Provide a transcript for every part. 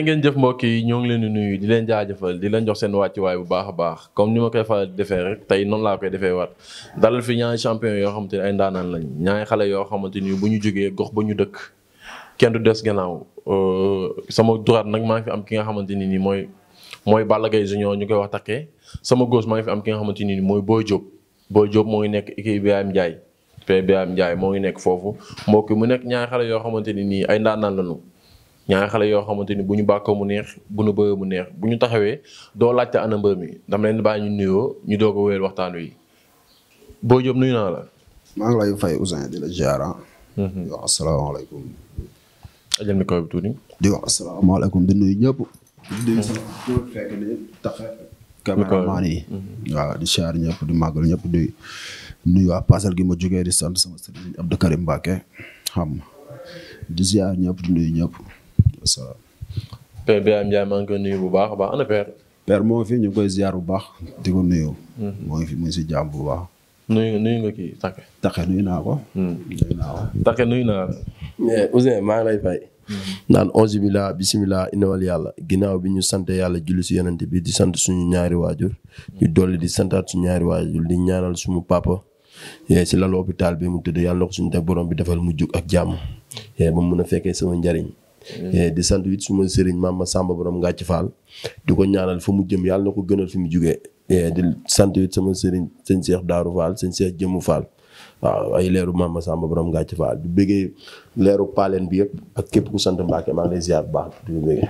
jërë ngeen jëf mbokk yi ñoo ngi leen di nuyu di leen jaajëfal di leen seen wàccuwaay bu baax a baax comme ni ma koy faral di tey noonu laa koy waat dalal fi ñaari champion yoo xamante ni ay ndaanaan lañ xale yoo xamante ni bu ñu jógee gox ba ñu dëkk kenn du des gannaaw euh, sama droite nag maa ngi fi am ki nga xamante ni nii mooy mooy Balla Gaye Junior ñu koy wax takkee sama gauche maa ngi fi am ki nga xamante ni mooy Boy Diop Boy Diop moo ngi nekk équipe Ibrahim Ndiaye PBM Ndiaye moo ngi nekk foofu mbokki mu nekk ñaari xale yoo xamante ni nii ay ndaanaan lañu ñaari xale yoo xamante ni bu ñu bàkkoo mu neex bu ñu bëyee mu neex bu ñu taxawee doo laajte ana mbër mi dama leen baa ñu nuyoo ñu doog a wéyal waxtaan wi boo Diop nuyu maa ngi lay fay Ousseyn la ziara. Mhm. di wax asalaamaaleykum. ajal di wax asalaamaaleykum di nuyu ñëpp. di nuyu sama mhm. mhm. di ñëpp di màggal ñëpp di nuyu waa Parcelles gi ma jógee di sant sama sëriñ Abdou Karim Mbacké xam di ziar ñëpp di nuyu ñëpp. waaw. père Birahim Ndiaye maa ngi koy nuyu bu baax a baax ana père. moo fi ñu ngi koy ziar bu baax di ko nuyu. Hmm. moo ngi fi mu si jàmm bu baax. nuyu nuyu naa ko. nuyu naa ko hmm. Takké nuyu naa la. Ouzin maa ngi lay fay. Hmm. naan onze billah bisimilah inawal yàlla ginnaaw bi ñu sant yàlla julli si yonent bi di sant suñu ñaari waajur. ñu dolli di santaat suñu ñaari waajur di ñaaral suñu papa. Eh, si lalu hôpital bi mu tëdd yàlla na ko suñu borom bi defal mu jug ak jàmm. Eh, ba mu mën a fekkee sama njariñ Eh, di sant it suma sëriñ maam Samba borom Ngathie Fall di ko ñaanal fa mu jëm yàlla na ko gënal fi mu jugee eh, di sant it sama sëriñ sëñ Cheikh Darou Fall sëñ Cheikh Jëmu Fall waaw ay leeru maam Samba borom Ngathie Fall di bëggee leeru paaleen bi yëpp ak képp ku sant Mbacke maa ngi lay ziar bu baax di bëggee.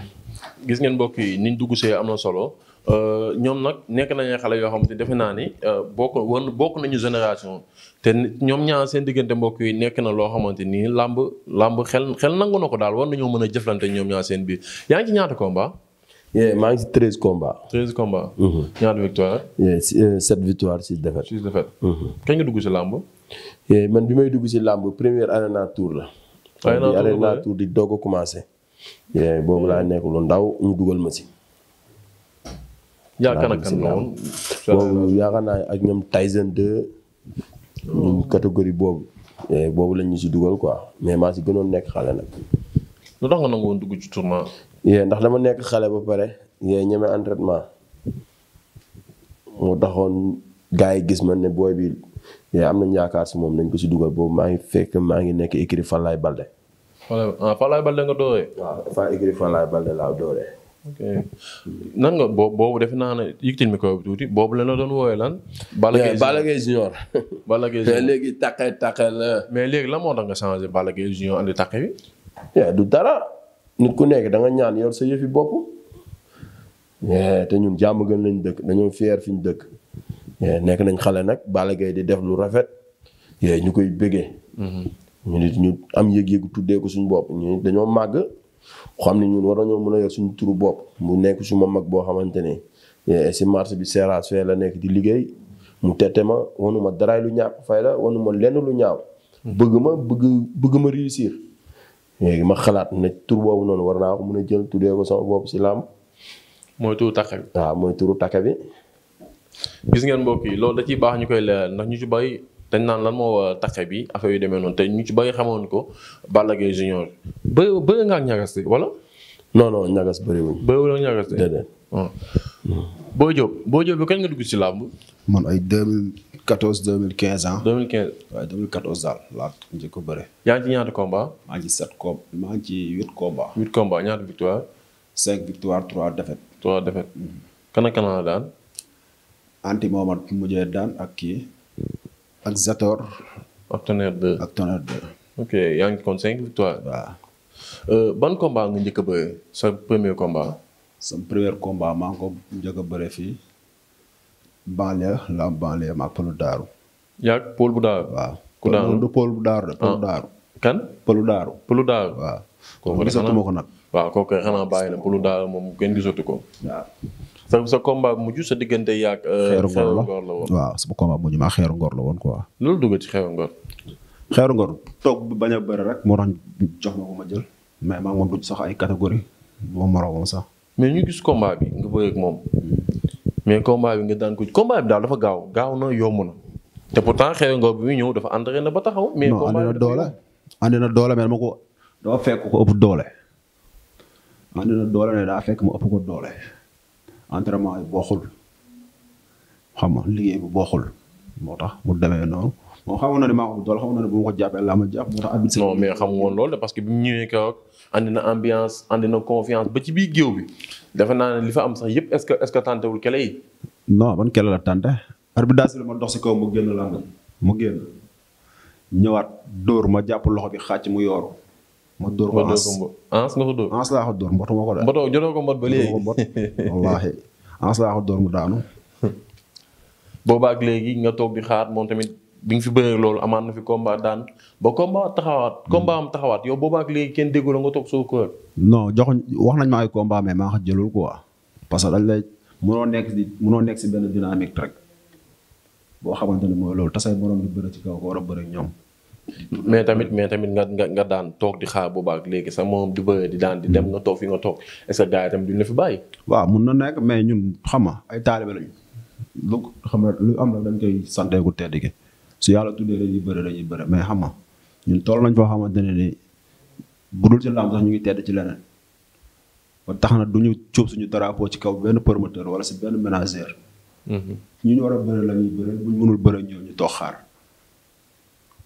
gis ngeen mbokk yi niñ dugg see am na solo. Euh, ñoom nag nekk nañu xale yoo xam te defe naa ni euh, bokk woon bokk nañu génération te ñoom ñaar seen diggante mbokk yi nekk na loo xamante ni làmb làmb xel xel nangu na ko daal war nañoo mën a jëflante ñoom ñaar seen biir yaa ngi ci ñaata combat. maa ngi ci treize combats. treize combats. Mm-hmm. ñaata victoire. Euh, sept victoire six défaites. six défaites. Mm-hmm. kañ nga dugg ci làmb. man bi may dugg ci làmb première arena tour la. arena tour di arena tour di doog a commencé. boobu laa nekk lu ndaw ñu dugal ma si yaakaar naa ak ñoom Tyson 2. ñoom categorie boobu. Eh, boobu lañ ñu si dugal quoi mais maa si gënoon nekk xale nag. lu tax nga nangu woon dugg ci tournoi. Eh, ndax dama nekk xale ba pare yee ñeme entraînement moo taxoon gars yi gis ma ne booy bi yee am nañ yaakaar si moom nañ ko si dugal boobu maa ngi fekk maa ngi nekk écurie Falaye Balde. Falaye ah Falaye Balde nga dooree. waaw fa écurie Balde laa dooree. ok nan nga boobu boobu defe naa ne yëkkatil micro bi tuuti boobu la la doon woowee lan. Balla Gaye junior Balla Gaye junior léegi taqe taqe la. mais léegi la moo tax nga changé Balla Gaye junior andi taqe bi. du dara nit ku nekk da nga ñaan yor sa yëfi bopp. te ñun jàmm gën lañ dëkk dañoo fier fi ñu dëkk. nekk nañ xale nag Balla Gaye di def lu rafet. ñu koy bëggee. Mm-hmm. ñu nit ñu am yëg-yëg tuddeeku ko suñu bopp ñu dañoo màgg. xam ni ñun war nañoo mën a yor suñu turu bopp mu nekk suma mag boo xamante ne eh, si marché bi seeraas fee la nekk di liggéey mu tette ma wanu ma daraay lu ñàkk fay la wanu ma lenn lu ñaaw bëgg ma bëgg bëgg ma réussir léegi ma xalaat ne tur boobu noonu war naa ko mën a jël tuddee ko sama bopp si làmb mooy turu takke bi waaw mooy turu takke bi gis ngeen mbokk yi loolu da ciy baax ñu koy leeral ndax ñu ci bay dañ naan la moo war a taxe bi affaire yu demee noonu te ñu ci bëri xamoon ko Balla Gaye junior bë bëri nga ak ñagas si wala. non non ñagas bëriwul. bëriwul ak ñagas si boo Boy Diop Boy bi kañ nga dugg ci làmb. man ay 2014 2015 ah. 2015 waaye 2014 daal laa njëkk ko bëre. yaa ngi ci ñaata combat. maa ngi ci sept combat maa ngi ci huit combat. huit combat ñaata victoire. cinq victoire trois défaites. trois défaites. Mm-hmm. kan ak kan ak kii. ak Zator. ak Tonnerre 2 ak Tonnerre 2. ok yaa ngi compte cinq victoires. waaw. Euh, ban combat nga njëkk a bëree sa premier combat. sama premier combat maa ngi ko njëkk a bëree fii. banlieue la am banlieue maa Pëlu Daaru. yaa Pël bu Daaru. waaw ku daanu du Pël bu Daaru de Pëlu ah. Daaru. kan Pëlu Daaru. Daaru waaw. kooku gisatuma ko nag. waaw kooku xanaa bàyyi ko. waaw. sa sa combat mujj sa diggante yaag. Euh, xeeru ngor la xeeru ngor la woon waaw sama combat mujj maa xeeru ngor la woon quoi. loolu dugg ci xeeru ngor. xeeru ngor toog bañ a bëri rek. moo tax jox ma ko ma jël. mais maa ngi woon du sax ay catégorie moom moroomam sax. mais ñu gis combat bi nga bëgg ak moom. mais combat bi nga daan ko combat bi daal dafa gaaw gaaw na yomb na. te pourtant xeeru ngor bi muy ñëw dafa entraîné na ba taxaw. mais combat bi doole andi na doole mais dama ko. dafa fekk ko ëpp doole. andi na doole mais daa fekk mu ëpp ko doole. entraînement yi bokkul xam nga liggéey bi bokkul moo tax mu demee noonu moom xamoon na ne ma ko dool na ne bu ma ko jàppee laa ma jàpp moo tax abit non mais xam woon loolu de parce que bi mu ñëwee na ambiance andi na confiance ci biir géew bi defe naa ne li fa am sax yëpp est ce que que tàntewul kele yi non man kele la ma dox si kaw mu génn làng mu génn ñëwaat dóor ma jàpp loxo bi xàcc mu yooru ma dóor ko ans ans nga ko dóor ans laa ko mbotu ma ko daal mboto jotoo ko mbot ba léegi nga toog di xaar moom tamit bi nga fi bëree loolu amaan na fi combat daan ba combat taxawaat combat am taxawaat yow boobaak léegi kenn déggu la nga toog soo ko non joxuñ wax nañ ma ay combat maa ko jëlul quoi parce que dañ lay mënoo nekk di mënoo nekk si benn dynamique rek boo xamante ne mooy loolu tasay borom di bëri a bëri ñoom mais tamit mais tamit nga nga nga daan toog di xaar boobaak léegi sax moom di bëre di daan di dem mm. nga toog fi nga toog est-ce que gars yi tamit duñ la fi bàyyi. waaw mun na nekk mais ñun xam nga ay taalibe lañu lu xam nga lu am la dañ koy santee ku tedd gi su yàlla tuddee dañuy bëre dañuy bëre mais xam nga ñun toll nañ foo xamante ne nii bu dul ci làmb sax ñu ngi tedd ci leneen ba tax na duñu ñu cuub suñu drapeau ci kaw benn promoteur wala si benn ménagère. Mm-hmm. ñu ñu war a bëre la ñuy mënul bëre ñëw ñu toog xaar.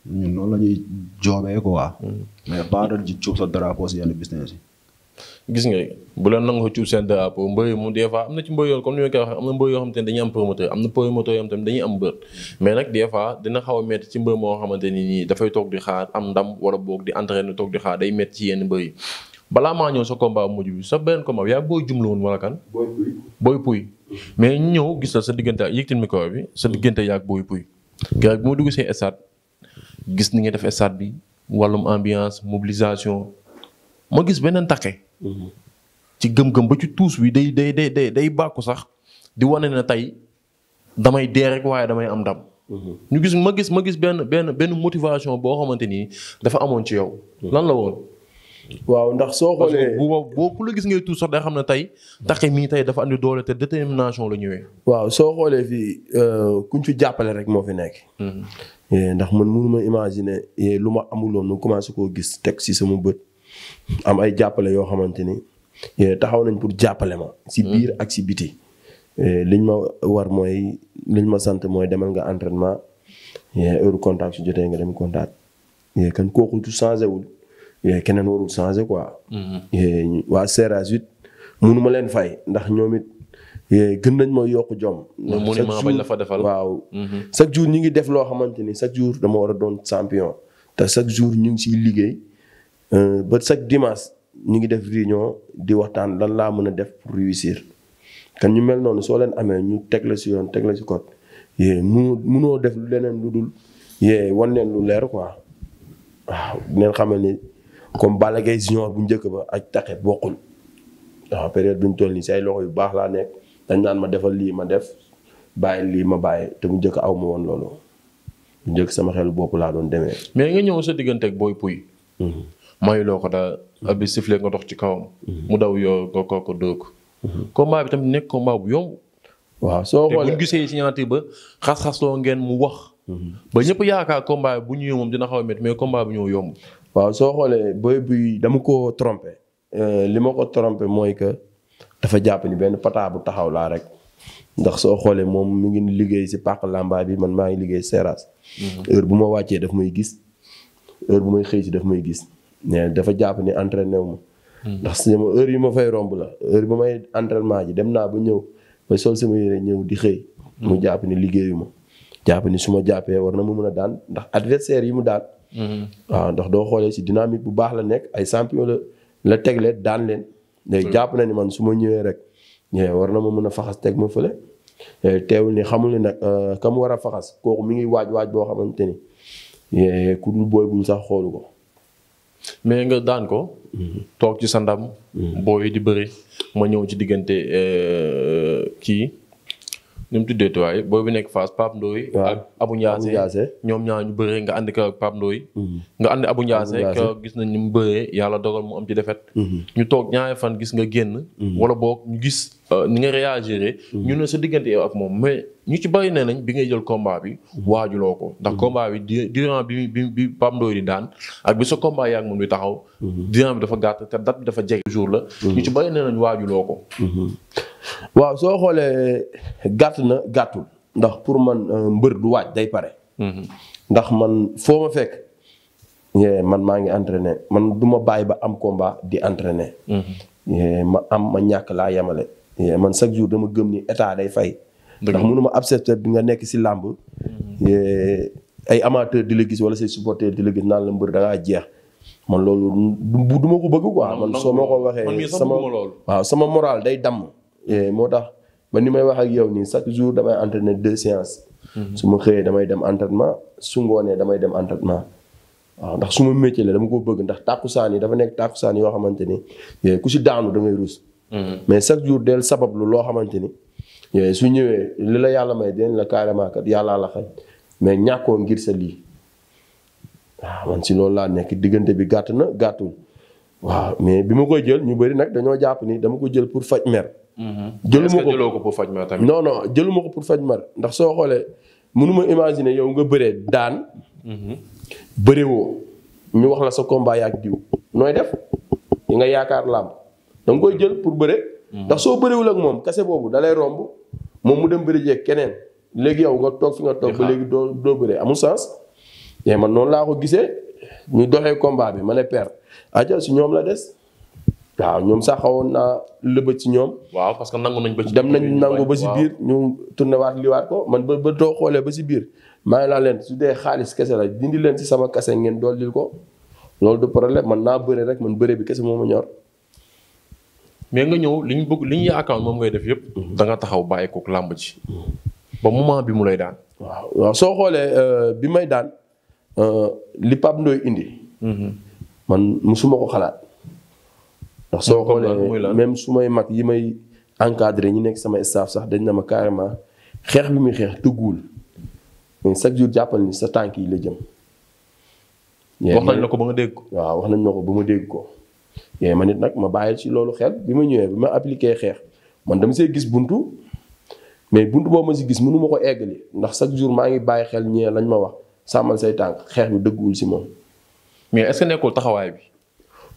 ñun noonu la ñuy joobee quoi. Hmm. mais baa sa drapeau si yenn business yi. gis nga bu la nangoo cuub seen drapeau mbër mu des fois am na ci mbër yoo comme ni ma koy waxee am na mbër yoo xam te ne dañuy am na promoteur yoo xam ne dañuy am mbër mais nag des fois dina xaw a ci mbër moo xamante ni nii dafay toog di xaar am ndam wala boog di entraîné toog di xaar day métti ci yenn mbër yi balaa maa ñëw sa mbaam mujj bi sa benn combat yaa booy jumla woon wala kan. booy puy booy mais ñëw gis la sa diggante ak yëkkati micro bi sa diggante yaag booy puy. keroog dugg see stade gis ni nga def stade bi wàllum ambiance mobilisation ma gis beneen takke mhm. ci gëm-gëm ba ci tuus bi day day day day day bàkku sax di wane na tey damay dee rek waaye damay am ndam. Mhm. ñu gis ma gis ma gis benn benn benn motivation boo xamante ni dafa amoon ci yow. Mhm. lan la woon. waaw ndax soo xoolee boo boo la gis ngay tuut sax xam ne tey Takké mii tey dafa andi doole te détermination la ñëwee. waaw soo xoolee fii euh, kuñ ci jàppale rek moo fi nekk. Hmm. Eh, ndax man mënu ma imaginer eh, lu ma amuloon mu commencé koo gis teg si sama bët am ay jàppale yoo xamante ni eh, taxaw nañ pour jàppale ma. si hmm. biir ak si biti. liñ ma war mooy liñ ma sant mooy demal nga entraînement heure contact si jotee nga dem contact kan kooku tu changé wul. yooyu keneen warul changer quoi. Mm-hmm. waa Seras it munu ma leen fay ndax ñoom it gën nañ ma yokk jom. Mm-hmm. monument bañ la fa defal waaw. Mm-hmm. chaque jour ñu ngi def loo xamante ni chaque jour dama war a doon champion te chaque jour ñu ngi siy liggéey euh, ba chaque dimanche ñu ngi def réunion di waxtaan lan laa mën a def pour réussir. kan ñu mel noonu soo leen amee ñu teg la si yoon teg la si code mu munoo def leneen lu dul yee wan lu leer quoi waaw dinañ xamal ni. comme bala gay junior bu njëkk ba ak taxet bokkul waaw période bu ñu toll nii si ay loxo yu baax laa nekk dañ naan ma defal lii ma def bàyyi lii ma bàyyi te mu njëkk aw ma woon loolu bu njëkk sama xelu bopp laa doon demee. mais nga ñëw sa diggante ak Boy Pouy. Mhm. mayuloo ko daal ab bi nga dox ci kawam. Mhm. mu daw yoo ko kooku dóor ko. Mhm. combat bi tamit nekk combat bu yomb. waaw soo xoolee te bu ñu gisee signature ba xas-xasloo ngeen mu wax. ba ñëpp yaakaar combat bu ñu moom dina xaw a métti mais combat bu ñëw waaw soo xoolee booy bi dama ko trompé euh, li ma ko trompé mooy que dafa jàpp ni benn pata bu taxaw laa rek ndax soo xoolee moom mu ngi liggéey si pàq làmbaay bi man maa ngi liggéey seeraas. Mhm. heure bu ma wàccee daf may gis heure bu may xëy si daf may gis mais dafa jàpp ni entraîné wu ma. Mhm. ndax ma heure yi ma fay romb la heure bu may entraînement ji dem naa ba ñëw ba sol sama yére ñëw di xëy. Mhm. mu jàpp ni liggéeyu ma jàpp ni su ma jàppee war na mu mën a daan ndax adversaire yi mu daan. Mm-hmm. waaw ndox doo xoolee si dynamique bu baax la nekk ay champion la la teg leen daan leen. léegi mm-hmm. jàpp na ni man su ma ñëwee rek eh, war na ma mën a faxas teg ma fële. Eh, teewul ni xamul ne nag euh, ka mu war a faxas kooku mu ngi waaj waaj boo xamante ni eh, ku dul booy bul sax xoolu ko. mais nga daan ko. Mm-hmm. toog ci sa ndam. booy di bëri ma ñëw ci diggante euh, kii. ñu mu tuddee tuwaay booy bi nekk fas Pape Ndoye ak Abou Ndiassé ñoom ñaar ñu bëree nga ànd ko Pape Ndoye mhm. nga ànd abu Ndiassé ko gis nañ ni mu bëree yàlla dogal mu am ci defet mhm. ñu toog ñaari fan gis nga génn mhm. wala boog ñu gis euh, ni nga réagiré ñu ne sa diggante yow ak moom mais ñu ci bëri nee nañ bi ngay jël combat bi waajuloo ko ndax combat bi durant bi bi bi Pape Ndoye di daan ak bi sa combat yaa ak moom bi taxaw durant bi dafa gàtt te date bi dafa jege jour la ñu ci bëri nee nañ waajuloo ko waaw soo xoolee gàtt na gàttul ndax pour man euh, mbër du waaj day pare. Mhm. ndax man foo ma fekk. man maa ngi entraîné man du ma bàyyi ba am combat di entraîné. Mhm. ma am ma ñàkk laa yemale. man chaque jour dama gëm ni état day fay. ndax mënuma accepter di nga nekk si làmb. Mhm. ay amateur di la gis wala say supporter di la gis naan la mbër da jeex. man loolu du ma ko bëgg ko quoi. man soo ma ko waxee sama waaw sama moral day damm. Eh, moo tax ba ni may wax ak yow nii chaque jour damay entraîner deux séances. Mhm. su ma xëyee damay dem entraînement su ngoonee damay dem entretement waaw ndax su ma métier la dama ko bëgg ndax tàkkusaan yi dafa nekk tàkkusaan yoo xamante ni eh, ku si daanu da ngay ruus. Mhm. mais chaque jour del sabablu loo xamante ni eh, su ñëwee li la yàlla may dinañ la carrément kat yàllaa la xaj mais ñàkkoo ngir sa lii. waaw man si loolu laa nekk diggante bi gàtt na gàttul waaw mais bi ma koy jël ñu bëri nag dañoo jàpp ni dama ko jël pour faj mer. Mm-hmm. jëluma ko jëloo ko pour faj ma tamit. non non jëluma ko pour faj ma ndax soo xoolee mënuma imaginer yow nga bëree daan. Mm-hmm. bëree woo ñu wax la sa combat yaak diw nooy def yi nga yaakaar làmb da nga koy jël pour bëre. Mm-hmm. ndax soo bëriwul ak moom kese boobu dalay romb moom mu dem bëri jeeg keneen léegi yow nga toog fi nga toog. ba léegi doo doo bëree amul sens. te man noonu laa ko gisee ñu doxee combat bi ma ne père aja si ñoom la des. waaw ñoom sax xawoon naa lëbëj ci ñoom. waaw parce que nangu nañ ba ci dem nañ nangu ba si biir ñu tourné waat liwaat ko man ba ba too xoolee ba si biir maa ngi laa leen su xaalis kese la dindi leen si sama kase ngeen dollil ko loolu du problème man naa bëre rek man bëre bi kese moo ma ñor. mais nga ñëw li ñu bëgg li moom ngay def yëpp. Mhm. da nga taxaw bàyyi kook làmb ji. Mhm. ba moment bi mu lay daan. waaw waaw soo xoolee euh, bi may daan euh, li Pape indi. Mhm. man musuma ko xalaat. ndax soo xoolee même su may mag yi may encadré ñi nekk sama staff sax dañ na ma carrément xeex lu muy xeex tëgguwul mais jour jàppal ni sa tànk yi la jëm. wax nañ la ko ba nga dégg ko. waaw wax nañ la ko ba ma dégg ko. yee ma nit nag ma bàyyi ci loolu xel bi ma ñëwee bi ma appliqué xeex man dama see gis bunt mais bunt boobu ma si gis mënu ma ko eggali ndax chaque jour maa ngi bàyyi xel ñee lañ ma wax sàmmal say tànk xeex bi dëgguwul si moom. mais est-ce que nekkul taxawaay bi.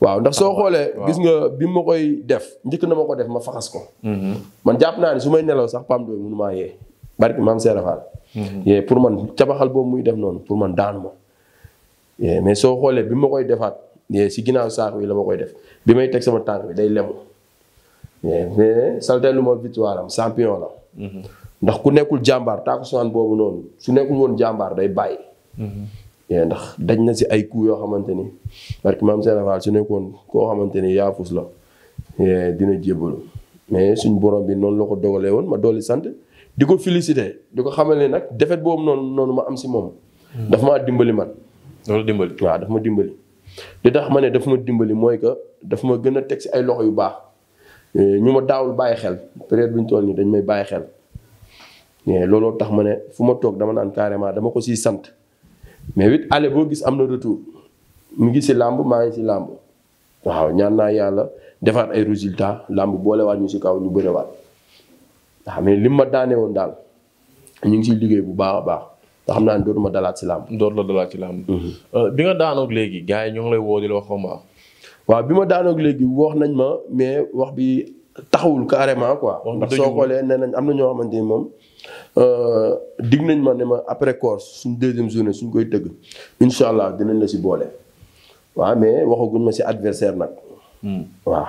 waaw ndax soo ah, xoolee. gis nga bi ma koy def njëkk na ma ko def ma faxas ko. Mhm. man jàpp naa ne su may nelaw sax PAM doy mënumaa mhm. yee. pour man cabaxal boobu muy def noonu pour man daanu ma. mais soo xoolee bi ma koy defaat si ginnaaw saako yi la ma koy def bi may teg sama tànk day lemu. mais salte lu ma victoire am champion la. Mhm. ndax ku nekkul jàmbaar taaku sonaan boobu noonu su nekkul woon jàmbaar day bàyyi. ndax daj na si ay coups yoo xamante ni parce que maam Serigne su nekkoon koo xamante ni yaafus la dina jébbalu mais suñ borom bi noonu la ko dogalee woon ma dolli sant di ko félicité di ko xamal ne nag defet boobu noonu noonu ma am si moom. Hmm. daf maa dimbali man. loolu dimbali daf ma dimbali. li tax ma ne daf ma dimbali mooy que dafa ma gën a teg si ay loxo yu baax eh, ñu ma daawul bàyyi xel période bi ñu toll nii dañ may bàyyi xel eh, looloo tax ma ne fu ma toog dama naan carrément dama ko siy sant. mais it ale boo gis am na retour mu ngi si làmb maa ngi si làmb waaw ñaan naa yàlla defaat ay résultat làmb boolewaat ñu si kaw ñu bëriwaat waaw mais lim ma daane woon daal ñu ngi siy liggéey bu baax a baax te xam naa ne dootuma dalaat si làmb. dootu la dalaat si làmb. Mhm. Euh, bi nga daanoog léegi gaa yi ñoo ngi lay woo di la wax combat. waaw bi ma daanoog léegi wax nañ ma mais wax bi taxawul carrément quoi. ndax soo xoolee nee nañ am na ñoo xamante ni moom. Euh, dig nañ ma ne ma après corps suñ deuxième journée suñ koy tëgg incha allah dinañ la si boole waaw mais waxaguñ ma si adversaire nag hmm. waaw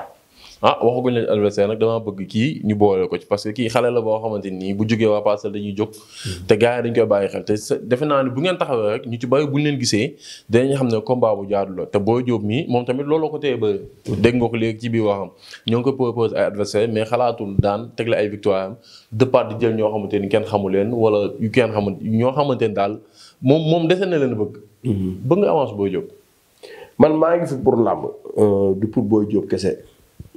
ah waxaguñ leen adversaire nag damaa bëgg kii ñu boole ko ci parce que kii xale la boo xamante nii bu jógee waa Parcelles dañuy jóg hmm. te gars yi dañ koy bàyyi xel te defe naa ne bu ngeen taxawee rek ñu ci bari buñ leen gisee dinañ xam ne combat bu jaadu la te Boy Diop mii moom tamit looloo ko téye ba dégg nga ko léegi ci biir waxam ñoo ngi ko propose ay adversaire daan tegle ay victoire am départ di jël ñoo xamante ni kenn xamu leen wala yu kenn xamu ñoo xamante ni daal moom moom defe na leen bëgg hmm. bëgg nga avance Boy man maa ngi fi pour làmb euh, du pour Boy Diop kese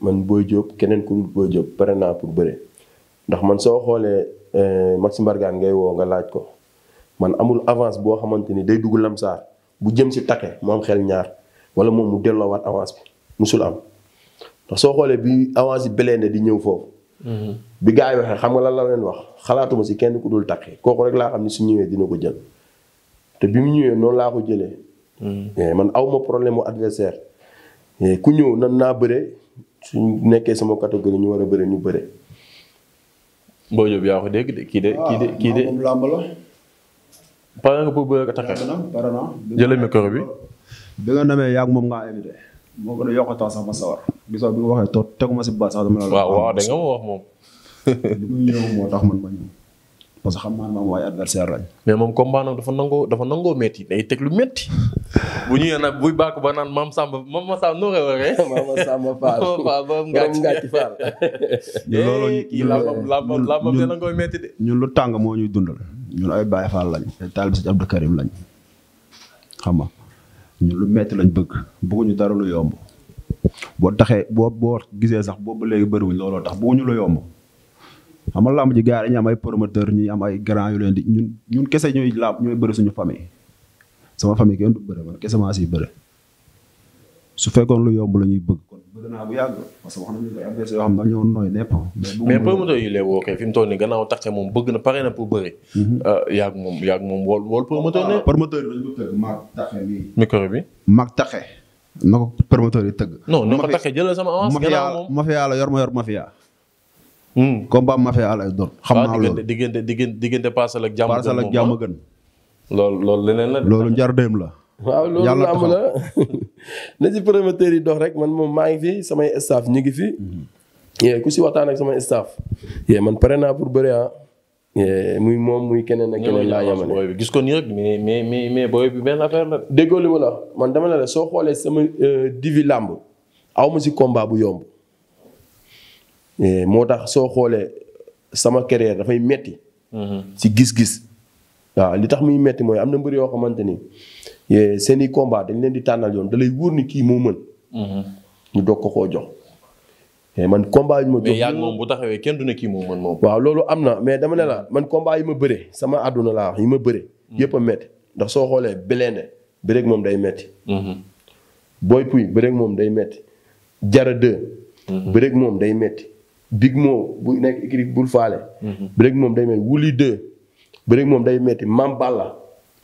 man Boy jóob keneen ku Boy Diop pare naa pour bëre ndax man soo xoolee eh, Maxime Bargane ngay woo nga laaj ko man amul avance boo xamante ni day dugg lamsaar bu jëm si takke mu am xel ñaar wala moom mu delloowaat avance bi musul am ndax soo xoolee bi avance bi belee ne di ñëw foofu. Mhm. bi gars yi waxee xam nga lan la leen wax xalaatuma si kenn ku dul takke kooku rek laa xam ni su ñëwee dina ko jël te bi mu ñëwee noonu laa ko jëlee. Mhm. Eh, man awma problème mu adversaire eh, ku ñëw su nekkee sama catégorie ñu war a bëre ñu bëre. boo yóbbu yaa ko dégg de kii de. Ah, kii de kii de moom làmb la. pare nga pour bëre ko taxee. pare na jëlee micro bi. bi moom ngaa invité. a yokk temps sax ma sawar. bi nga waxee ma si baat sax dama la. waaw waaw da ma wax moom. li muy ñëw moo tax man ma ñëw. parce xam naa ne moom waaye adversaire lañ. mais moom combat nag dafa nangoo dafa nangoo métti day teg lu métti. bu ñëwee nag buy bàkk ba naan maam Samba maam ma Samba noo koy waxee. maam Samba Fall maam Ngàcc Fall. loolu ñu làmbam làmbam dina koy metti de. ñun lu tàng moo ñuy dundal ñun ay Baye Fall lañ ay taalibe Sëñ Abdou Karim lañ xam nga lu metti lañ bëgg bëgguñu dara lu yomb. boo taxee boo boo gisee sax boobu léegi bëriwuñ looloo tax ñu lu yomb. xam nga làmb ji gars yi dañuy am ay promoteur ñu am ay grand yu leen ñun kese ñooy ñooy bëri suñu famille. sama famille kenn du bëre man kese maa siy su fekkoon lu yomb la ñuy bëgg kon bëgg naa bu yàgg parce que wax mais promoteur yi lay wookee fi mu toll nii gannaaw tax moom bëgg na pare na pour bëri. Mhm. Ah, yàgg moom yàgg moom wool wool promoteur ne. Ah, bi Mag Taxe micro bi Mag Taxe. na ko promoteur yi tëgg. non na ko taxe jëlal sama avance. mafia la yor ma yor mafia. Hmm. combat mafia lay doon. xam ah, naa loolu waaw diggante diggante diggante Parcelles a jàmm gën loolu loolu leneen la. loolu njardéem la. waaw loolu làmb la na ci promoteur yi dox rek man moom maa ngi fi samay staff ñu ngi fi. Mhm. ku si waxtaan ak samay staff. man pare naa pour bëri ah. muy moom muy keneen ak keneen laa yemale. gis ko nii rek mais mais mais mais bi benn affaire la. déggoo li ma la man dama ne la soo xoolee sama euh, divi làmb aw ma si combat bu yomb. moo tax soo xoolee sama carrière dafay metti mhm. ci gis-gis. waaw li tax muy metti mooy am na mbër yoo xamante ni seeni i dañ leen di tànnal yoon da lay ni kii moo mën. mu mhm. doog ko koo jox. Eh, man combat yi ma. moom bu taxawee kenn du ne kii moo mën moom. waaw loolu am na mais dama ne la man combat yi ma bëre sama àdduna laa wax yi ma bëre. Mhm. yépp a metti ndax soo xoolee Blindé bëreeg moom day metti mhm. booy Pouye bëreeg moom day metti Jara 2. bëreeg moom day metti Big Mo bu nekk écurie Boul Falé. bëreeg moom day metti Wuli 2. bëreeg moom day metti maam Balla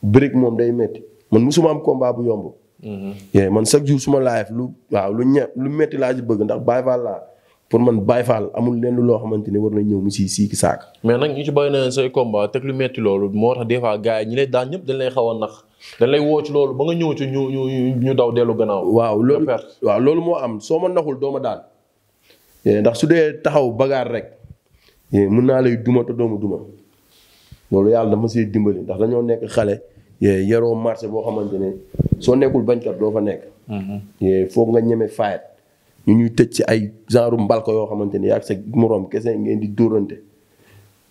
bëreeg moom day metti man musuma am combat bu yomb. Mhm. man chaque jour suma ma lu waaw lu ña lu metti laa ci bëgg ndax Baye Fall laa pour man Baye Fall amul lenn loo xamante ni war na ñëw mu si sii ki saak. mais nag ñu ci bàyyi na say combat teg lu metti loolu moo tax des fois gars ñi lay daan ñëpp dañ lay nax dañ lay woo ci loolu ba nga ñëw ci ñu ñu ñu daw dellu gannaaw. waaw loolu waaw loolu moo am soo ma naxul doo ma daan ndax su dee taxaw bagaar rek mën naa lay duma te doo loolu yàlla dama siy dimbali ndax dañoo nekk xale yaroo marché boo xamante ne soo nekkul bañkat doo fa nekk mm-hmm. foog nga ñeme fayet ñu ñuy tëj ci ay genre mbalko yoo xamante ne yaa sa moroom kese ngeen di dóorante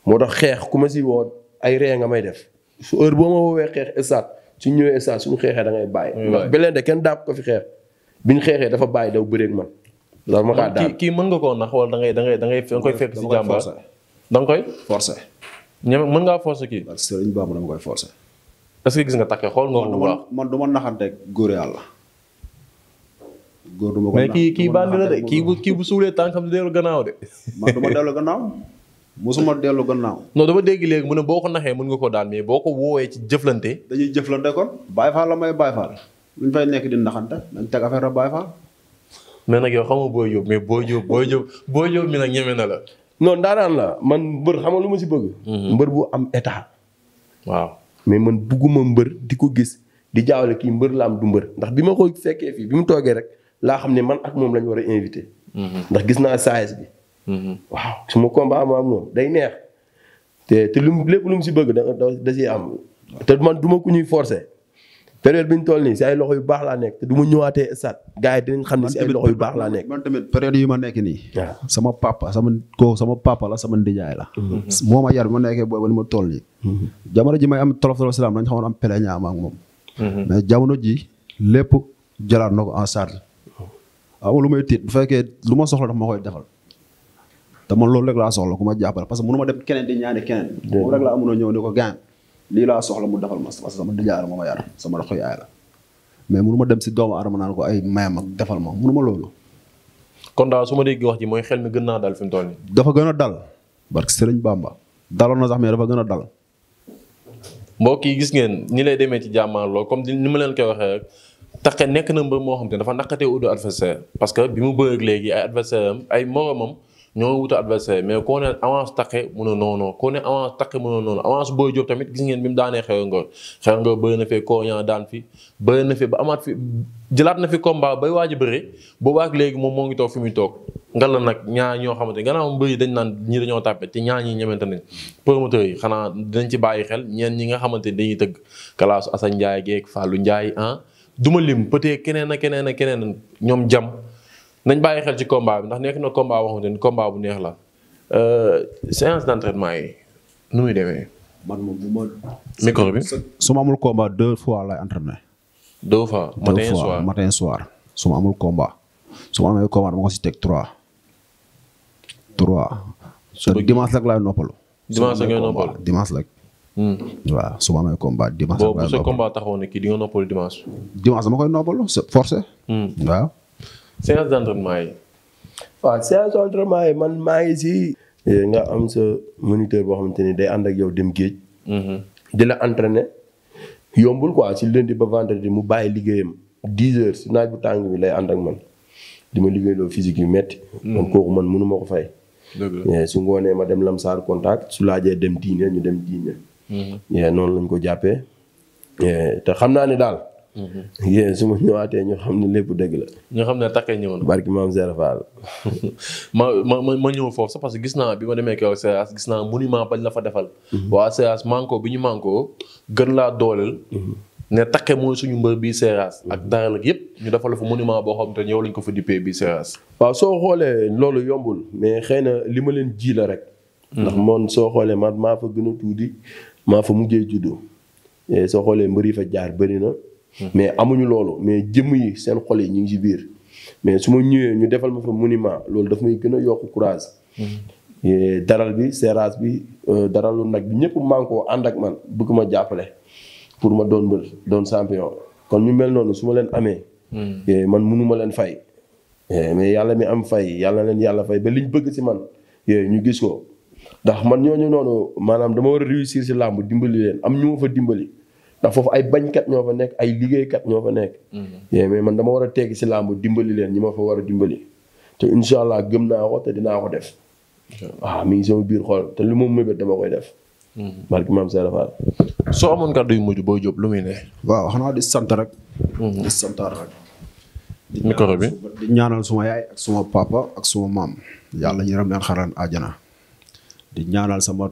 moo tax xeex ku ma si woo ay ree nga may def su heure boo ma woowee xeex stade ñëwee stade suñu xeexee ngay bàyyi ndax beleen de kenn daab ko fi xeex biñ xeexee dafa bàyyi daw bëreeg man ndax ma kaa kii mën nga koo nax wala da ngay da da ngay koy fekk si jàmbaar da nga koy forcé ñeme mën ngaa forcer kii. waaw sëriñ Bamba dama koy forcer. est-ce que gis nga takke xool nga ko bu baax man du ma naxante góor yàlla. góor du ma ko kii kii bandi la bu kii bu suulee tànkam di gannaaw de. man du ma dellu gannaaw. musuma dellu gannaaw. non dama dégg léegi mu ne boo ko naxee mën nga ko daal mais boo ko woowee ci jëflante. dañuy jëflante kon. Baye Fall la may Baye Fall. luñ fay nekk di naxante dañ teg affaire Baye Fall. mais nag yow xam nga Boy Diop mais Boy Diop Boy Diop Boy Diop mi nag ñeme na la. non daanaan la man mbër xam lu ma si bëgg. Mhm. mbër bu am état. waaw mais man bugguma mbër di ko gis di jaawale kii mbër la am du mbër ndax bi ma ko sekkee fii bi mu toogee rek laa xam ne man ak moom lañ war a invité. Mhm. ndax gis naa saayes bi. Mhm. waaw suma combat am moom day neex. te te lu lépp lu mu si bëgg da da siy am. te man duma ku ñuy forcer. période bi ñu toll nii si ay loxo yu baax laa nekk te du ma ñëwaatee stade gars yi dinañ xam ne si ay loxo yu baax laa nekk. man tamit période yu ma nekk nii. sama papa sama ko sama papa la sama ndijaay la. Mhm. moo ma yar ma nekkee booy ba ni ma tool nii. Mhm. jamono ji may am tolof tolof silam dañu xamoon am pele ñaam ak moom. Mhm. mais jamono ji lépp jalaat na ko en charge. amul lu may tiit bu fekkee lu ma soxla daf ma koy defal. te man loolu rek laa soxla ku ma jàppale parce que ma dem keneen di ñaani keneen. moom rek ñëw ni ko gaañ. lii laa soxla mu defal ma parce sama nijaay la ma ma yar sama loxo yaay la mais munu ma dem si doomu ma naan ko ay mayam ak defal ma munu ma loolu. kon daal su ma dégg wax ji mooy xel mi gën naa dal fi mu toll dafa gën a dal barke Sëriñ Bamba daloon na sax mais dafa gën a dal. mbokk yi gis ngeen ñi lay demee ci jàmmaarloo comme ni ma leen koy waxee rek Takké nekk na mbër moo xam te dafa naqatee udd adversaire parce que bi mu bëreeg léegi ay adversaire am ay moromam. ñoo wuta adversaire mais koo ne avance taqe mun a noonu koo ne avance taqe mun tamit gis ngeen bi mu daanee xew ngoor xew ngoor bëri na fi kooñaa daan fi bëri na fi ba amaat fi jëlaat na fi combat bay waaj a bëri boobaa ak léegi moom moo ngi toog fi muy toog nga la nag ñaar ñoo xamante gannaaw mbëri dañ naan ñi dañoo tàppe te ñaar ñi ñemente nañ promoteurs yi xanaa dinañ ci bàyyi xel ñeen ñi nga xamante dañuy tëgg kalaasu Assane Ndiaye geeg Fallou Ndiaye ah duma lim peut-être keneen ak keneen ak keneen ñoom jam nañ bàyyi xel ci combat bi ndax nekk na combat boo xamante bu neex la euh, séance d'entraînement yi nu muy demee. man moom bu ma. micro bi su ma amul combat deux fois lay entraîné. deux fois matin soir su ma amul combat su ma amee combat dama ko si teg trois. trois. suba dimanche rek noppalu. dimanche rek laay noppalu dimanche rek. Hmm. waaw su ma amee combat dimanche. boobu sa combat taxawoon na kii di nga noppalu dimanche. dimanche dama koy noppalu c'est hmm. waaw. séance d'entraînement yi. waaw séance d'entraînement yi man maa ngi si. Eh, nga am sa moniteur boo xamante ni day ànd ak yow dem géej. Mhm. di la entraîner yombul quoi si lundi ba vendredi mu bàyyi liggéeyam dix heures si naaj bu tàng bi lay ànd ak man di ma liggéeyloo physique yu metti man mhm. kooku man mënu ma ko fay. Eh, su ngoonee ma dem lamsaar contact su laajee dem diine ñu dem diine. Mhm. Eh, noonu lañ ko jàppee te xam naa ni daal. Mm-hmm. yéen su ma ñëwaatee ñu xam ne lépp dëgg la. ñu xam ne takkee ñëw na. barki maam Zéra Fall. ma ma ma ñëw foofu sax parce que gis naa bi ma demee kaw Seras gis naa monument bañ la fa defal. Mm-hmm. waa Seras manko bi ñu manko gën laa dooleel. Mm-hmm. ne takke mooy suñu mbër bii Seras. ak dara nag yëpp ñu defal fa monument boo xam te ñëw yow lañ ko fa dippee bii Seras. waaw soo xoolee loolu yombul mais xëy na li ma leen ji la rek. ndax moom soo xoolee man maa fa gën a tuuti maa fa mujjee juddu. Eh, soo xoolee mbër yi fa jaar bëri na. mais amuñu loolu mais jëmm yi seen xol yi ñu ngi ci biir mais su ma ñëwee ñu defal ma fa monument loolu dafa may gën a yokk courage. Mm-hmm. daral bi seeraas bi euh, daralu nag bi ñëpp mànkoo ànd ak man bëgg ma jàppale pour ma doon mbër doon champion kon ñu mel noonu su ma leen amee. Mm. man mënuma leen fay. mais yàlla mi am fay yàlla leen yàlla fay ba liñ bëgg ci man ñu gis ko ndax man ñooñu noonu maanaam dama war a réussir ci làmb dimbali leen am ñu ma fa dimbali. ndax foofu ay bañkat ñoo fa nekk ay liggéeykat ñoo fa nekk. Mm-hmm. yee mais man dama war a teggi si làmb dimbali leen ñi ma fa war a dimbali. te incha allah gëm naa ko te dinaa ko def. waaw ah, mi ngi sama biir xool te lu ma mébét dama koy def. Mm-hmm. barki maam Seydou soo amoon yu mujj booy jóg lu muy ne. waaw xanaa di sant rek. Mm-hmm. di santaar rek. di ñaanal suma yaay ak suma papa ak suma maam. yàlla yërëm leen xaran ajana di ñaanal sama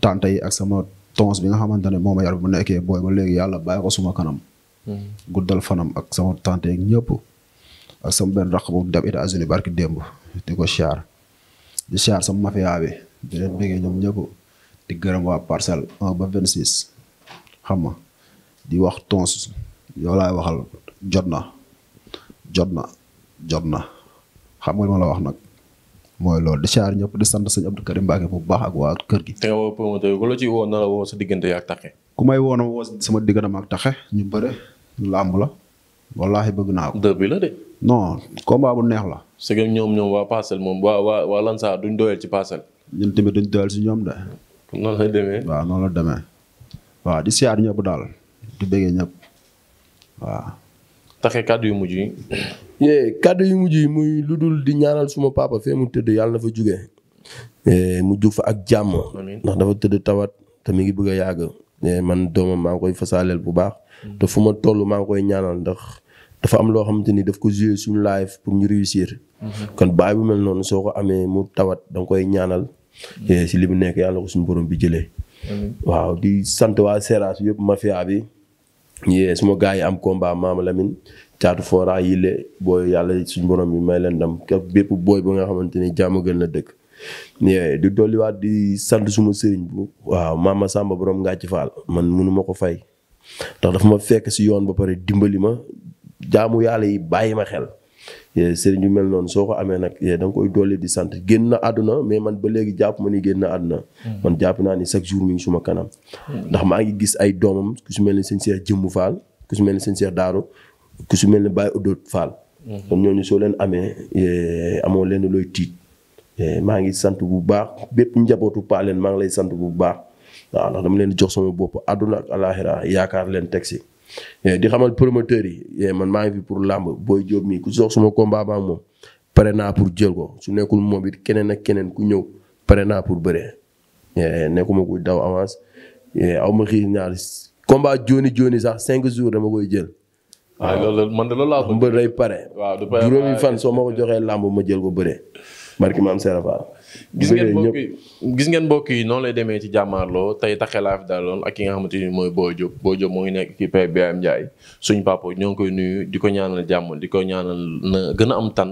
tante yi ak sama. tons bi nga xamante ne moom a yar bu nekkee booy ba léegi yàlla bàyyi ko suma kanam. Hmm. guddal fanam ak sama tante ak ñëpp. ak sama benn rakk bu dem États-Unis barki démb di ko chair di chair sama mafia bi di leen bëggee ñoom ñëpp di gërëm waa parcelle ba vingt six xam nga di wax tons yow laay waxal jot na jot na jot na xam nga li ma la wax nag. mooy loolu di siyaar ñëpp di sant sëñ Abdou Karim Mbacke bu baax ak waa kër gi. te nga woo promoteur ku la ci woo na la woo sa diggante ak taxe. ku may woo na woo sama diggante ak taxe ñu bëre làmb la wallaahi bëgg naa ko. dër bi la de. non combat bu neex la. c'est que ñoom ñoom waa parcelle moom waa waa waa Lansar duñ doyal ci parcelle. ñun tamit duñ doyal si ñoom de. noonu la demee waaw noonu la demee. waaw di siyaar ñëpp daal di bëggee ñëpp waaw. taxe kàddu yu mujj yi. yee yu mujj yi muy lu dul di ñaanal suma papa fee mu tëdd yàlla na fa jugee. mu jug fa ak jàmm. ndax dafa tëdd tawat te mi ngi bëgg a yàgg. man doomam maa ngi koy fasaaleel bu baax. Mm. te fu ma toll maa ngi koy ñaanal ndax dafa am loo xamante ni daf ko joué suñu live pour ñu réussir. Mm-hmm. kon baay bu mel noonu soo ko amee mu tawat da koy ñaanal. Mm. si li mu nekk yàlla ko suñu borom bi jëlee. waaw di sant waa Seras yëpp mafia bi. yee suma gars yi am combat Maama Lamine caatu fora yile booy yàlla si mboroom bi may leen dam bépp booy ba nga xamante ni jàmm gën la dëkk. di dolliwaat di sant suma sëriñ bu waaw Maama Samba borom Ngathie Fall man mënu ko fay ndax dafa ma fekk si yoon ba pare dimbali ma jaamu yàlla yi bàyyi ma xel. Eh, sëriñ ñu mel noonu soo ko amee nag eh, da nga koy dolli di sant génn na àdduna mais man ba léegi jàpp ma ni génn na àdduna hmm. man jàpp naa ni chaque jour mi ngi suma kanam hmm. ndax maa ngi gis ay doomam ku su mel ni sëñ Cheikh Jëmmu Fall su mel ni sëñ Cheikh Daaru ku su mel ni Baye Odoot Fall hmm. kon ñooñu soo leen amee eh, amoo leen looy tiit maa ngi sant bu baax bépp njabootu paa maa ngi lay sant bu baax waaw ndax dama leen di jox sama bopp àdduna ak alaaxira yaakaar leen teg si Eh, di xamal promoteur yi eh, man maa ngi fi pour làmb Boy Diop mii ku sox suma combat ba moom pare naa pour jël ko su nekkul moom it keneen ak keneen ku ñëw pare naa pour bëree eh, nekkuma kuy daw avance aw ma xiir ñaar combat jooni jooni sax cinq jours dama koy jël. Ah, waaw man de loolu laa ko. mbër day pare. waaw du fan soo ma ko joxee làmb ma jël ko bëree. barki maam Serapha. gis ngeen mbokk yi gis ngeen mbokk yi noonu lay demee ci jàmmaarloo tey taxe laa fi daaloon ak ki nga xamante ni mooy Boy Diop Boy Diop moo ngi nekk ci PBM Ndiaye suñu papa ñoo ngi koy nuyu di ko ñaanal jàmm di ko ñaanal na gën a am tan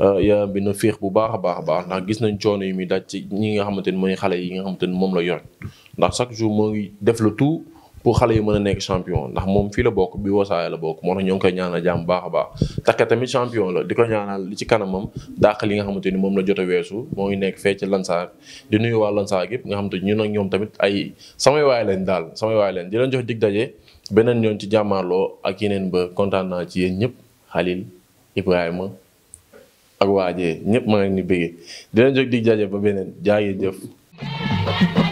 euh, yaram bi na féex bu baax a baax a baax ndax gis nañ coono yi muy daj ci ñi nga xamante ni mooy xale yi nga xamante ni moom la yor ndax chaque jour moo ngi def la tout pour xale yi mën a nekk champion ndax moom fii la bokk bi wasaaya la bokk moo tax ñoo ngi koy ñaanal jàmm baax a baax takka tamit champion la di ko ñaanal li ci kanamam dàq li nga xamante ni moom la jot a weesu moo ngi nekk fee ci Lansar di nuyu waa Lansar yëpp nga xamante ñun ak ñoom tamit ay samay waay leen daal samay waay leen di leen jox dig daje beneen yoon ci jàmmaarloo ak yeneen ba kontaan naa ci yéen ñëpp Khalil Ibrahima ak waajee ñëpp maa ngi ni bëggee di leen ba beneen jaay jëf